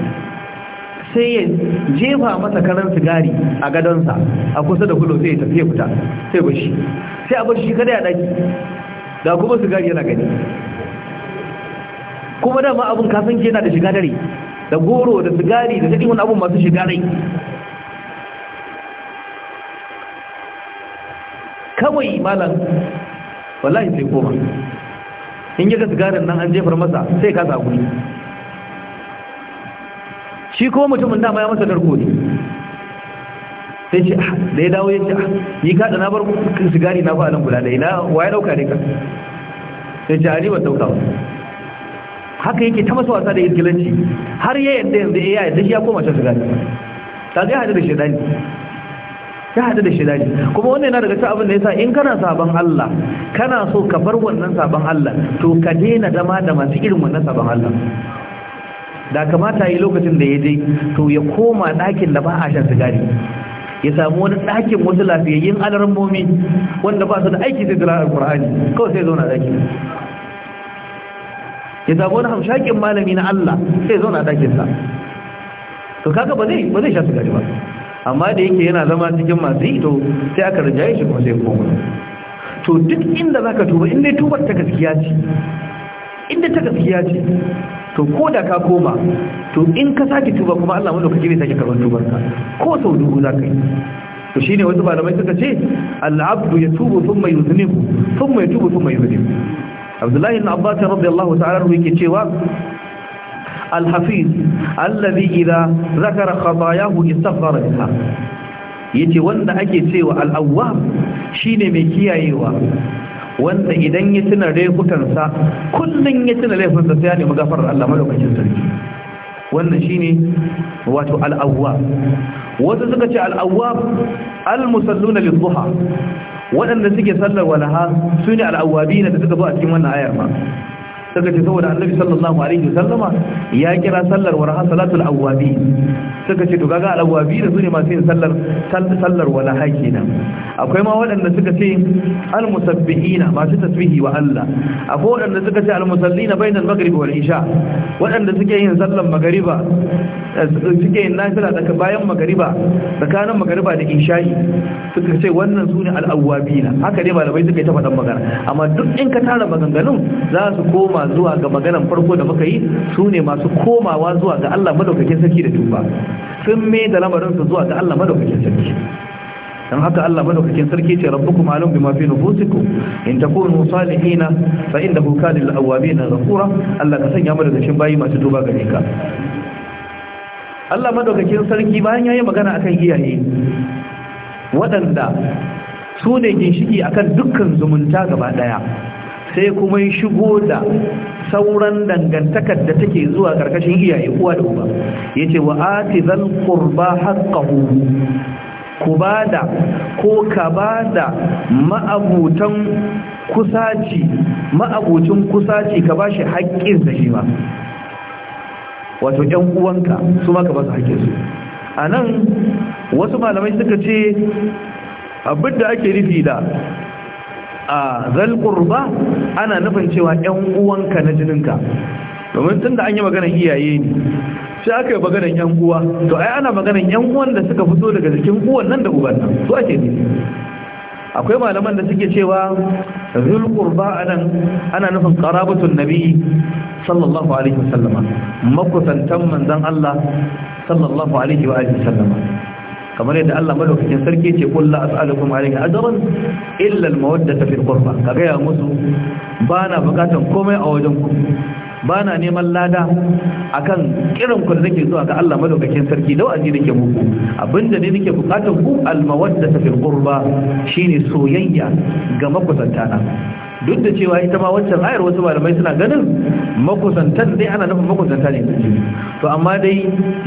sai ya jefa masa karan sigari a gadonsa a kusa da kudu sai ya tafi ya fita sai bashi sai a bashi kada a daki da kuma sigari yana gani kuma dama abin ke yana da shiga dare da goro da sigari da daɗin abin masu shiga rai kawai malam wallahi sai koma in ga sigarin nan an jefar masa sai ka zagu shi ko mutumin dama ya masa darko ne sai ce ah, da ya dawo ya ce ah, ni kaɗa na bar sigari na fa'alin guda ɗaya na waye ɗauka ne ka sai ce ari ban ɗauka ba haka yake ta masa wasa da irgilanci har yayin da yanzu ya yadda shi ya koma shan sigari ta zai hajji da shaidani ya haɗu da shi shirari kuma wannan yana daga cikin abin da yasa in kana sabon Allah kana so ka bar wannan sabon Allah to ka daina zama da masu irin wannan sabon Allah da kamata yi lokacin da ya je to ya koma ɗakin da ba a shan sigari ya samu wani ɗakin wasu lafiyayyin alarmomi wanda ba su da aiki sai tilarar Qur'ani kawai sai zauna ɗakin ya samu wani hamshakin malami na Allah sai zauna ɗakinsa to kaga ba zai ba zai sha sigari ba amma da yake yana zama cikin masu yi to sai aka rajaye shi kuma sai koma to duk inda za ka tuba inda tubar ta gaskiya ce inda ta gaskiya ce to ko da ka koma to in ka sake tuba kuma Allah lokaci ne sake karban tubar ka ko sau dubu za ka yi to ne wasu malamai suka ce Al'abdu ya sun mai yatubu sun mai thumma sun mai yuznibu Abdullahi ibn rabbi allahu ta'ala yake cewa alhafiz allazi idza zakara khatayahu istaghfara biha yace wanda ake cewa al-awwab shine mai kiyayewa wanda idan ya tuna laifukansa kullun ya tuna laifinsa sai ya nemi gafarar Allah madaukakin sarki wannan shine wato al-awwab wanda suka ce al-awwab al-musalluna lidhuha waɗanda suke sallar walaha su ne al'awwabi da suka zo a cikin wannan ayar ma suka ce saboda annabi sallallahu alaihi wasallama ya kira sallar walaha salatul awwabi suka ce to kaga al-awwabi da sune masu yin sallar sallar walaha kenan akwai ma waɗanda suka ce al-musabbihina masu tasbihi wa Allah akwai waɗanda suka ce al-musallina bainal maghrib wal isha waɗanda suke yin sallar magriba eh, suke yin nafila daga bayan magriba tsakanin magriba da isha'i suka ce wannan sune al-awwabina haka ne malamai suka yi ta faɗan magana amma duk in ka tara maganganun za su koma zuwa ga maganan farko da muka yi su ne masu komawa zuwa ga Allah madaukakin sarki da tuba sun me da su zuwa ga Allah madaukakin sarki dan haka Allah madaukakin sarki ce rabbukum alim bima fi nufusikum in takunu salihina fa innahu kana lil awabin ghafura Allah ka sanya mu daga cikin bayi masu tuba gare ka Allah madaukakin sarki bayan yayi magana akan iyaye waɗanda su ne ginshiki akan dukkan zumunta gaba daya sai kuma ya shigo da sauran dangantakar da take zuwa karkashin iyaye uwa da uba yace wa kurba qurba haqqahu ku bada ko ka bada ma'abutan kusaci ma'abutan kusaci ka bashi haƙƙin da shi ba wato ƴan uwanka su ma ka ba su haƙƙin su anan wasu malamai suka ce abin da ake nufi da a zalƙurba ana nufin cewa 'yan uwanka na jininka domin tun da an yi maganar iyaye ne sai aka yi maganar 'yan uwa to ai ana maganar 'yan uwan da suka fito daga jikin uwan nan da uban nan su ake ne akwai malaman da suke cewa zulƙurba a nan ana nufin ƙarabatun nabi sallallahu alaihi wasallama makusantan manzan Allah sallallahu alaihi wa sallama kamar yadda Allah madaukakin sarki ce kullu as'alukum alayhi ajran illa al-mawaddata fil qurba kaga ya musu bana bukatan komai a wajen ku ba na neman lada akan kiran ku da nake zuwa ga Allah madaukakin sarki da wa'azi nake muku abinda ne nake bukatar ku almawadda ta fil qurba shine soyayya ga makusanta duk da cewa ita ma wancan ayar wasu malamai suna ganin makusantan dai ana nufin makusanta ne to amma dai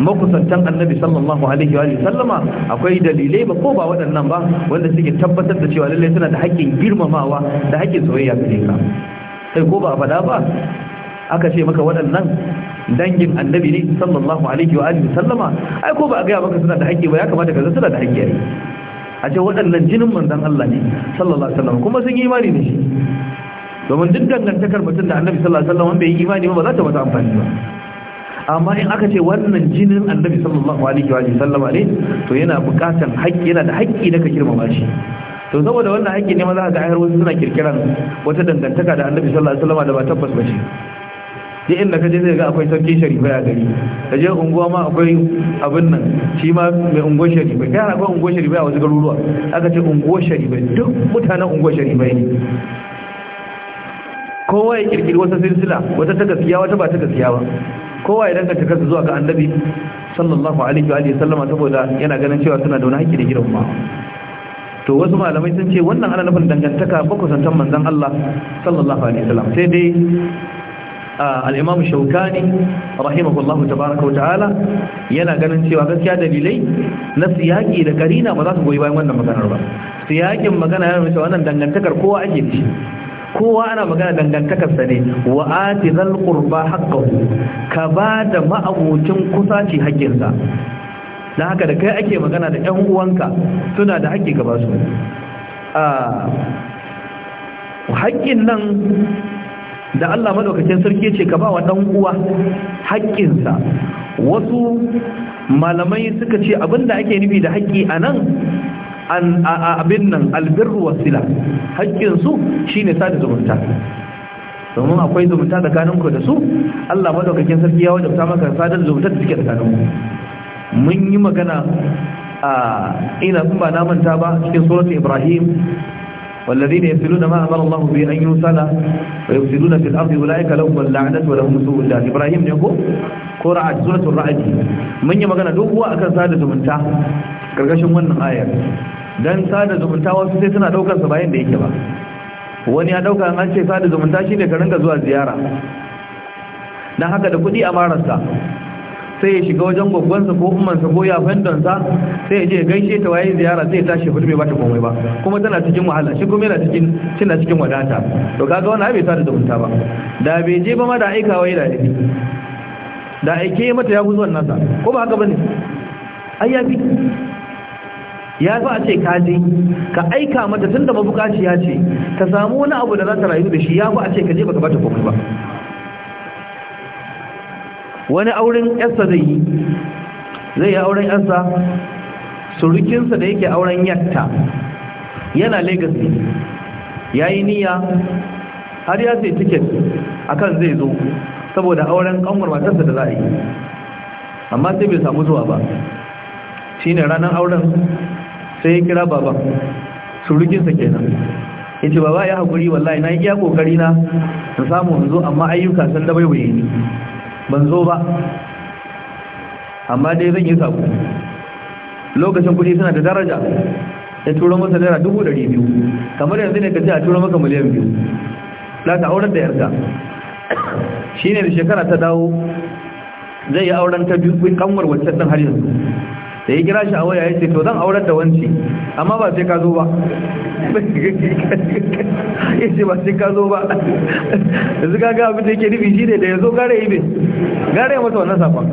makusantan annabi sallallahu alaihi wa sallama akwai dalilai ba ko ba waɗannan ba wanda suke tabbatar da cewa lallai suna da haƙƙin girmamawa da haƙƙin soyayya ga ka sai ko ba a faɗa ba aka ce maka waɗannan dangin annabi ne sallallahu alaihi wa alihi sallama ai ko ba a gaya maka suna da hakki ba ya kamata ka san suna da haƙƙi ne a ce waɗannan jinin manzon Allah ne sallallahu alaihi wasallam kuma sun yi imani da shi domin duk dangantakar mutum da annabi sallallahu alaihi wasallam wanda yi imani ba za ta masa amfani ba amma in aka ce wannan jinin annabi sallallahu alaihi wa sallama ne to yana bukatan haƙƙi yana da haƙƙi da ka kirmama shi to saboda wannan haƙƙi ne maza ga ayar wasu suna kirkiran wata dangantaka da annabi sallallahu alaihi wasallam da ba tabbas ba ce duk inda ka je zai ga akwai sarki sharifai a gari ka je unguwa ma akwai abin nan shi ma mai unguwar sharifai kai akwai unguwar sharifai a wasu garuruwa aka ce unguwar sharifai duk mutanen unguwar sharifai ne kowa ya kirkiri wata silsila wata ta gaskiya wata ba ta gaskiya ba kowa ya danganta kansa zuwa ga annabi sallallahu alaihi wa sallama saboda yana ganin cewa suna da wani haƙƙi da girmamawa to wasu malamai sun ce wannan ana nufin dangantaka ba kusantan manzon Allah sallallahu alaihi sallam sai dai al-Imam Shawkani rahimahullahu tabaaraka wa ta'ala yana ganin cewa gaskiya dalilai na siyaki da karina ba za su goyi bayan wannan maganar ba siyakin magana yana cewa wannan dangantakar kowa ake ci kowa ana magana dangantakarsa ne wa ati zal qurba haqqahu ka ba da ma'abucin kusaci haƙƙinsa dan haka da kai ake magana da ƴan uwanka suna da hakki ka ba su haƙƙin nan da Allah madaukakin sarki ce ka ba wa dan uwa haƙƙinsa wasu malamai suka ce abinda ake nufi da haƙƙi anan an abin nan albirru wasila haƙƙinsu shine sada zumunta domin akwai zumunta ku da su Allah madaukakin sarki ya wajabta maka sadar zumunta da suke tsakaninku mun yi magana a ina kun ba na manta ba cikin suratul ibrahim والذين يفعلون ما أمر الله به أن يوصل ويفسدون في الأرض أولئك لهم اللعنة ولهم سوء الله إبراهيم يقول قرعة سورة الرعد من يمكن أن دعوة أكن سادة زمنتا كرقشن من آية dan sada zumunta wasu sai suna daukar sa bayan da yake ba wani ya dauka an ce sada zumunta shine ka rinka zuwa ziyara dan haka da kudi a mararsa sai ya shiga wajen gwaggonsa ko umansa ko ya fandonsa sai ya je gaishe ta waye ziyara sai ya tashi hudu bai bata komai ba kuma tana cikin wahala shi kuma yana cikin tana cikin wadata to kaga wannan abin sai da mutunta ba da bai je ba ma da aika waye da yafi da aike mata ya wannan nasa ko ba haka bane ai ya fi ya zo a ce ka je ka aika mata tunda mabukaci ya ce ta samu wani abu da za ta rayu da shi ya zo a ce ka je baka bata komai ba wani auren yarsa zai yi zai yi auren yarsa surukinsa da yake auren yatta yana legacy ya yi niyya har ya sai tiket akan zai zo saboda auren kanwar matarsa da za a yi amma sai bai samu zuwa ba shi ne ranar auren sai ya kira baba surukinsa kenan ya ce baba ya haƙuri wallahi na yi iya ƙoƙari na samu zo amma ayyuka sun da baiwaye ban zo ba amma dai zan yi sako lokacin kudi suna da daraja ya turo masa naira dubu ɗari biyu kamar yanzu ne ka ce a turo maka miliyan biyu za ta auren da yarka shi ne da shekara ta dawo zai yi auren ta biyu kanwar wancan ɗin har yanzu da ya kira shi a waya ya ce to zan aurar da wanci amma ba sai ka zo ba ya ce ba sai ka zo ba da su gaga abin da yake nufi shi ne da ya zo gare ibe gare ya masa wannan safon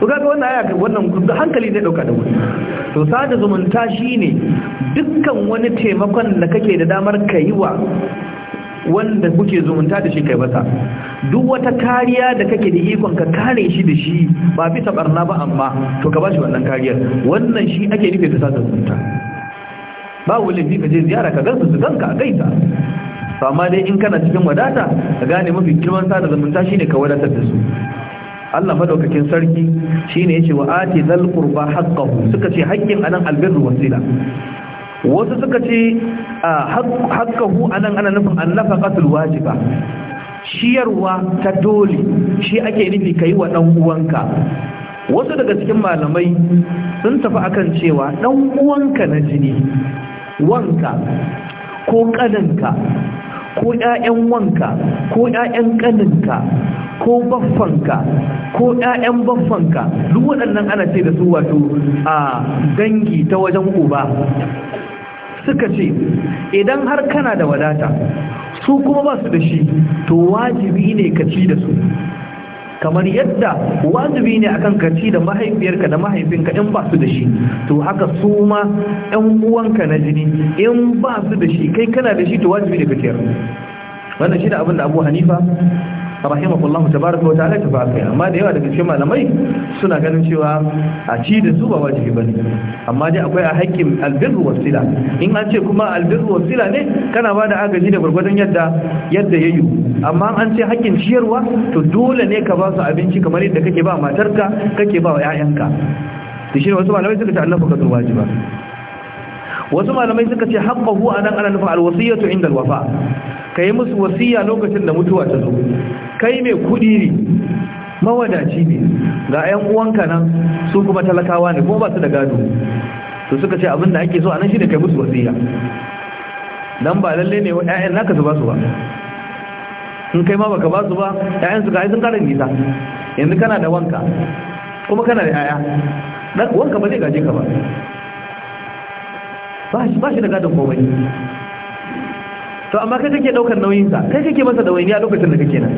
to kaga wannan aya wannan hankali zai dauka da wuri to sada zumunta shine dukkan wani taimakon da kake da damar wa. wanda kuke zumunta da shi kai masa duk wata kariya da kake da ikon ka kare shi da shi ba bisa barna ba amma to ka bashi wannan kariyar wannan shi ake nufi da sada zumunta ba wani fi ka je ziyara ka gansu su ganka a gaita to amma dai in kana cikin wadata ka gane mafi girman sada zumunta shine ka wadatar da su Allah madaukakin sarki shine yace wa ati zal qurba haqqahu suka ce hakkin anan albirru wasila wasu suka ce haƙƙahu a nan ana nufin annafa ƙasar wajiba Shiyarwa ta dole shi ake nufi ka yi wa ɗan uwanka wasu daga cikin malamai sun tafi akan cewa ɗan'uwanka na jini wanka ko ƙaninka ko ‘ya'yan wanka ko ‘ya'yan ƙaninka ko baffanka ko ‘ya'yan baffanka duk waɗannan ana ce da su wato a dangi ta wajen uba suka ce idan har kana da wadata su kuma ba su da shi to wajibi ne ka ci da su kamar yadda wajibi ne akan ka ci da mahaifiyarka da mahaifinka in ba su da shi to haka su ma 'yan uwanka na jini in ba su da shi kai kana da shi to wajibi ne ka ciyar wannan shi da abin da Abu Hanifa rahimahullahu tabaraka wa ta'ala tafi akai amma da yawa daga cikin malamai suna ganin cewa a ci da su ba wajibi bane amma dai akwai a haƙƙin albirru wasila in an ce kuma albirru wasila ne kana ba da agaji da gwargwadon yadda yadda yayi amma an ce haƙƙin ciyarwa to dole ne ka ba su abinci kamar yadda kake ba matarka kake ba wa 'ya'yanka da shi wasu malamai suka ce annabi ka wajiba wasu malamai suka ce haqqahu anan ana nufin alwasiyatu inda alwafa ka yi musu wasiya lokacin da mutuwa ta zo kai mai kudi ne mawadaci ne ga 'yan uwanka nan su kuma talakawa ne kuma ba su da gado to suka ce abin da ake so a nan shi da kai musu wasiya dan ba lalle ne 'ya'yan naka su ba su ba in kai ma baka ba su ba 'ya'yan su ga sun karin nisa yanzu kana da wanka kuma kana da 'ya'ya wanka ba zai gaje ka ba ba shi da gadon komai to amma kai kake daukar nauyin sa kai kake masa dawaini a lokacin da kake nan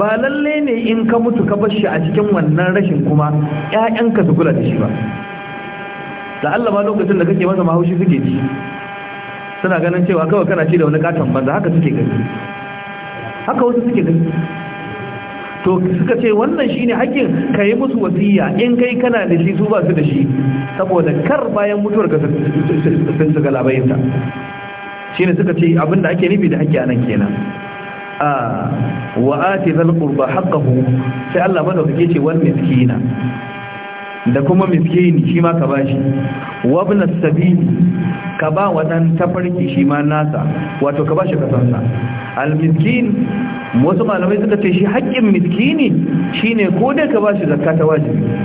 ba lalle ne in ka mutu ka bar shi a cikin wannan rashin kuma ƴaƴanka su kula da shi ba da Allah ma lokacin da kake masa mahaushi suke ji suna ganin cewa kawai kana ci da wani katon banza haka suke gani haka wasu suke gani to suka ce wannan shine hakkin ka yi musu wasiya in kai kana da shi su ba su da shi saboda kar bayan mutuwar ka sun su galabayinta shine suka ce abinda ake nufi da haƙƙi anan kenan a wa ati zal qurba haqqahu sai Allah madaukake ce wal miskina da kuma miskini shi ma ka bashi wa ibn sabili ka ba wadan tafarki shi ma nasa wato ka bashi kasansa al miskin wasu malamai suka ce shi haƙƙin miskini shine ko da ka bashi zakata wajibi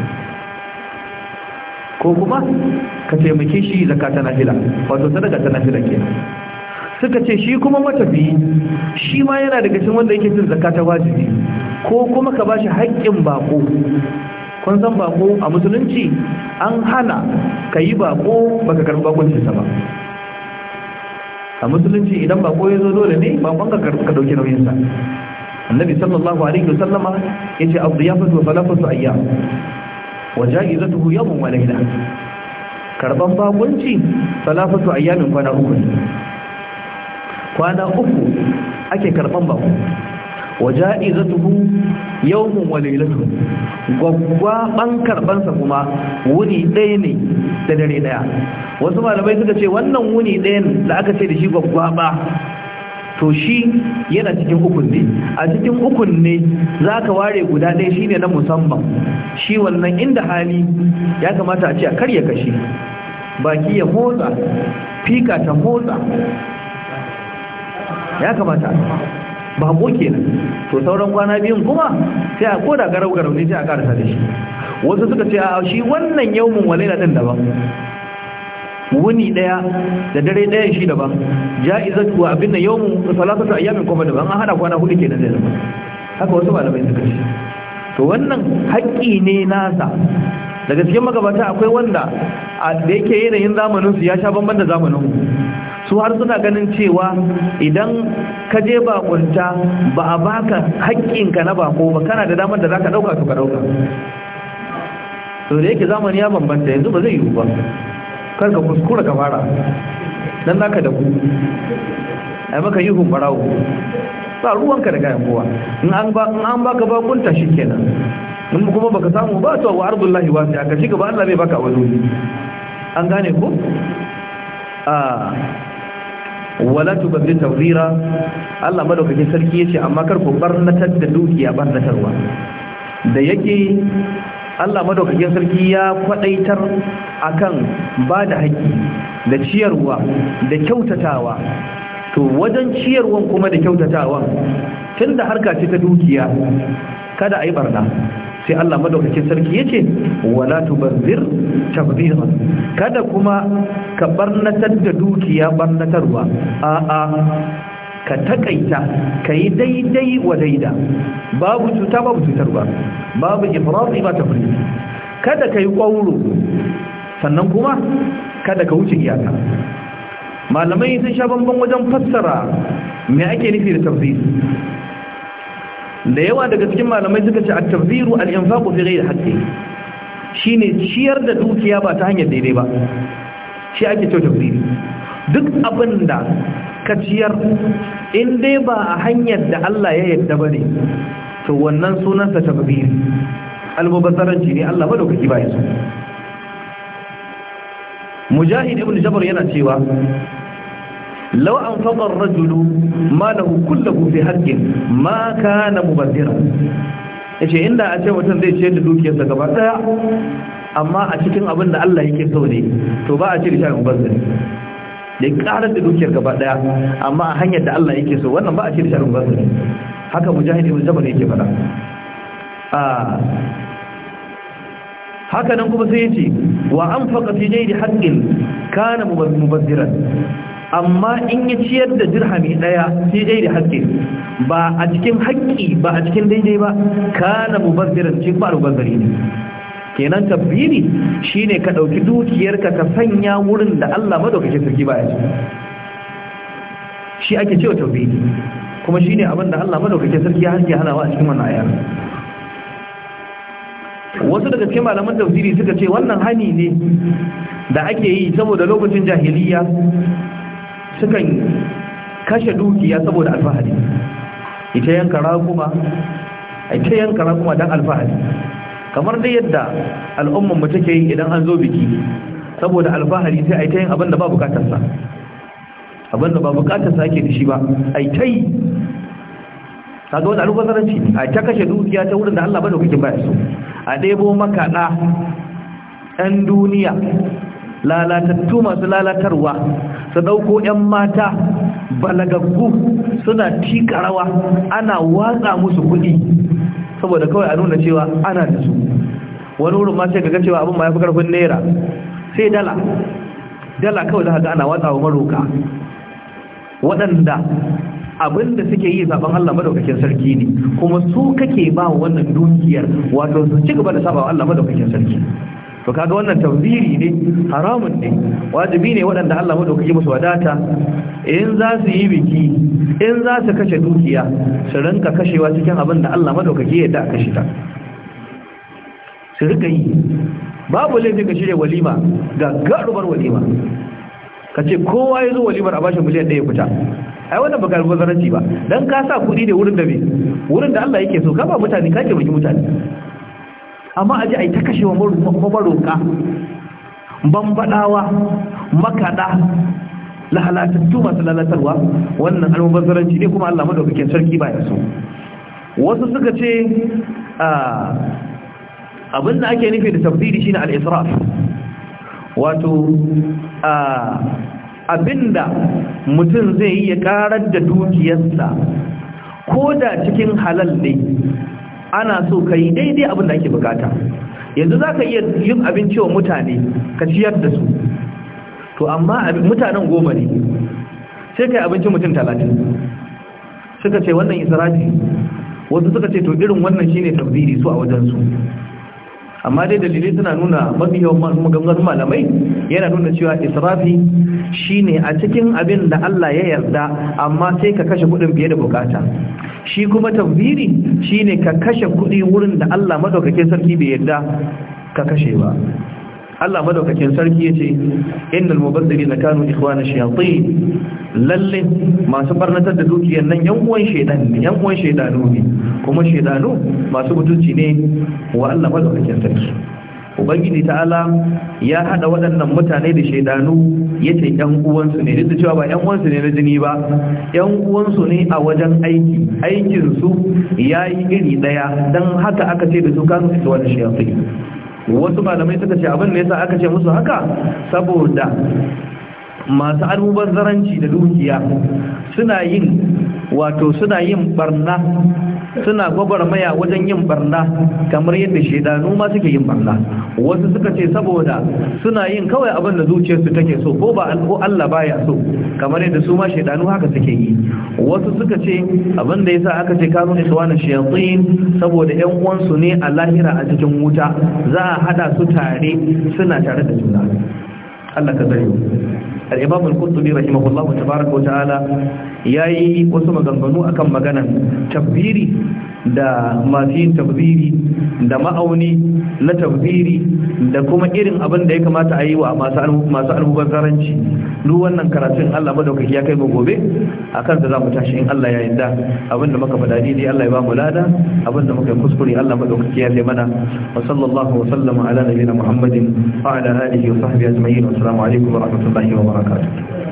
ko kuma ka taimake shi zakata nafila wato sadaka ta nafila kenan suka ce shi kuma matafi shi ma yana daga cikin wanda yake cin zakata wajibi ko kuma ka bashi haƙƙin bako kun san bako a musulunci an hana ka yi bako baka karɓi cinsa ba a musulunci idan bako ya zo dole ne bakon ka ka nauyin sa annabi sallallahu alaihi wasallama yace adiyafatu wa salafatu ayyam wa jaizatuhu yawmun wa layla karban bakunci salafatu ayyamin kwana uku kwana uku ake karban bako waja'izatuhu yawmun wa laylatuhu karban sa kuma wuni ɗaya ne da dare ɗaya wasu malamai suka ce wannan wuni ɗayan da aka ce da shi ba? to shi yana cikin ukun ne a cikin ukun ne za ka ware guda ɗaya shine na musamman shi wannan inda hali ya kamata a ce a karya kashi baki ya motsa fika ta motsa ya kamata ba ko kenan to sauran kwana biyun kuma sai a koda garau garau ne sai a karanta da shi wasu suka ce a shi wannan yawmin walaila din daban wuni daya da dare daya shi daban ja'izatu abin da yawmin salatu ayyamin kuma daban an hada kwana hudu kenan zai zama haka wasu malamai suka ce to wannan haƙƙi ne nasa daga cikin magabata akwai wanda da yake yanayin zamaninsu ya sha bamban da zamaninmu su har suna ganin cewa idan ka je bakunta ba a baka haƙƙinka na bako ba kana da damar da za ka ɗauka su ka ɗauka to da yake zamani ya bambanta yanzu ba zai yiwu ba kar ka kuskura ka fara dan naka da ku ai maka yi barawo ba ruwanka da kayan kowa in an baka bakunta shi kenan in kuma baka samu ba to wa ardullahi wasi aka ci gaba Allah bai baka wani an gane ku a ah. wala tubazir taurira, Allah madaukakin sarki yace amma kar ku barnatar da dukiya barnatarwa da yake Allah madaukakin sarki ya kwadaitar akan ba da haƙƙi da ciyarwa da kyautatawa to wajen ciyarwan kuma da kyautatawan tunda harka ce ta dukiya kada a yi barna sai Allah madaukakin sarki yace wala tubazzir tabdhiran kada kuma ka barnatar da dukiya barnatarwa a a ka takaita ka yi daidai wa daida babu cuta babu cutarwa babu ifrati ba tafriti kada ka yi kwauro sannan kuma kada ka wuce iyaka malamai sun sha bambam wajen fassara me ake nufi da tafsir da yawa daga cikin malamai suka ce at-tabziru al-infaqu fi ghayri haqqi shine ciyar da dukiya ba ta hanyar daidai ba shi ake cewa tabziri duk abin da ka ciyar in dai ba a hanyar da Allah ya yarda bane to wannan sunansa tabziri almubazzaranci ne Allah madaukaki ba ya mujahid ibn jabr yana cewa law an faqa ar-rajulu malahu kullahu fi haqqin ma kana mubazzira yace inda a ce mutum zai ce da dukiyarsa gaba daya amma a cikin abin da Allah yake so ne to ba a ce da shi mubazzir da karar da dukiyar gaba daya amma a hanyar da Allah yake so wannan ba a ce da shi mubazzir haka mujahid ibn jabal yake fada a haka nan kuma sai yace wa anfaqa fi jaydi haqqin kana mubazziran amma in ya ciyar da dirhami daya sai dai da haƙƙi ba a cikin haƙƙi ba a cikin daidai ba kana mubazzirin ce ba rubazzari ne kenan tabbiri shine ka dauki dukiyarka ka sanya wurin da Allah madaukakin sarki ba ya ci shi ake cewa tabbiri kuma shine abin da Allah madaukakin sarki ya hanke hanawa a cikin wannan ayar wasu daga cikin malaman tafsiri suka ce wannan hani ne da ake yi saboda lokacin jahiliya sukan kashe dukiya saboda alfahari ita yanka raguma ita yanka raguma don alfahari kamar da yadda al'ummar mu take yi idan an zo biki saboda alfahari sai a ita ta yin abin da ba sa, abin da ba sa ake da shi ba a yi ta yi kaga wani alfasaranci a ta kashe dukiya ta wurin da Allah ba da kuke bayar su a ɗebo makaɗa ɗan duniya lalatattu masu lalatarwa su ɗauko 'yan mata balagaggu suna tika rawa ana watsa musu kuɗi saboda kawai a nuna cewa ana da su wani wurin ma ga cewa abin ma ya fi ƙarfin naira sai dala dala kawai za ga ana watsa wa maroka waɗanda abin da suke yi zaben Allah madaukakin sarki ne kuma su kake ba wannan dukiyar wato su ci gaba da saba wa Allah madaukakin sarki to kaga wannan tawziri ne haramun ne wajibi ne waɗanda Allah madaukaki musu wadata in za su yi biki in za su kashe dukiya su rinka kashewa cikin abin da Allah madaukaki yadda aka kashe ta su rika yi babu laifi ka shirya walima ga garubar walima ka ce kowa ya zo walimar a bashi miliyan ɗaya fita ai wannan baka rubar zaranci ba dan ka sa kuɗi ne wurin da bai wurin da Allah yake so ka ba mutane ka ke mutane amma a ji a yi ta kashewa mabaroka bambadawa, makaɗa lahalatattu masu lalatarwa wannan almubazzaranci ne kuma allah maɗaukakin sarki bayan su wasu suka ce abin da ake nufi da tafsiri shi al-israf wato abinda mutum zai yi ya karar da dukiyarsa ko da cikin halal ne ana so ka yi daidai abin da ake bukata yanzu za ka iya yin abinci wa mutane ka ciyar da su to amma mutanen goma ne sai kai abincin mutum talatin suka ce wannan israfi wasu suka ce to irin wannan shine tabbiri su a wajensu amma dai dalilai suna nuna mafi yawan maganganun malamai yana nuna cewa israfi shine a cikin abin da Allah ya yarda amma sai ka kashe kuɗin fiye da bukata shi kuma tambiri shine ka kashe kuɗi wurin da Allah madaukakin sarki bai yarda ka kashe ba Allah madaukakin sarki yace innal mubaddirin kanu ikhwana shayatin lalle masu barnatar da dukiyar nan yan uwan shedan ne yan uwan shedanu ne kuma shedanu masu mutunci ne wa Allah madaukakin sarki ubangiji ta'ala ya hada waɗannan mutane da shaidanu yace yan uwansu ne duk da cewa ba yan uwansu ne na jini ba yan uwansu ne a wajen aiki aikin su yayi iri daya dan haka aka ce da su kanu ikhwana shayatin wasu malamai suka ce abin da yasa aka ce musu haka saboda masu almubazzaranci da dukiya suna yin wato suna yin barna suna gwagwarmaya wajen yin barna kamar yadda shaidanu ma suke yin barna wasu suka ce saboda suna yin kawai abin da zuciyarsu take so ko ba ko Allah baya so kamar yadda su ma shaidanu haka suke yi wasu suka ce abin da yasa aka ce kanu ne wani shayatin saboda ƴan uwansu ne a lahira a cikin wuta za a hada su tare suna tare da juna Allah ka zare al-Imam al-Qurtubi rahimahullahu tabaaraka ta'ala ya yi wasu maganganu akan maganan tabbiri da masu yin tabbiri da ma'auni na tabbiri da kuma irin abin da ya kamata a yi wa masu albubar almubazzaranci duk wannan karatun Allah madaukaki ya kai mu gobe a kansa za mu tashi in Allah ya yarda abin da muka faɗa daidai Allah ya ba mu lada abin da muka yi kuskure Allah madaukaki ya mana wa sallallahu wa sallama ala nabiyina Muhammadin wa ala alihi wa sahbihi ajma'in wa assalamu alaikum wa rahmatullahi wa barakatuh